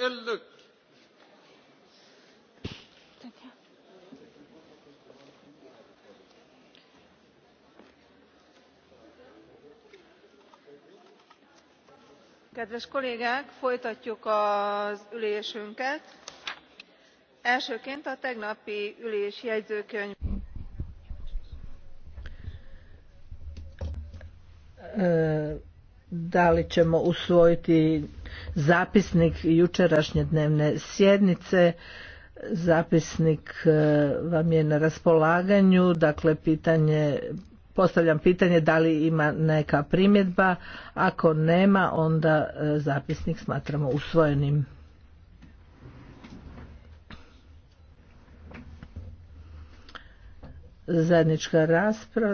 elnök! kedves kollégák folytatjuk az ülésünket. elsőként a tegnapi ülés jegyzőkönyvének eh, da li ćemo usvojiti zapisnik jučerašnje dnevne sjednice zapisnik e, vam je na raspolaganju dakle pitanje postavljam pitanje da li ima neka primjedba ako nema onda e, zapisnik smatramo usvojenim zajednička rasprava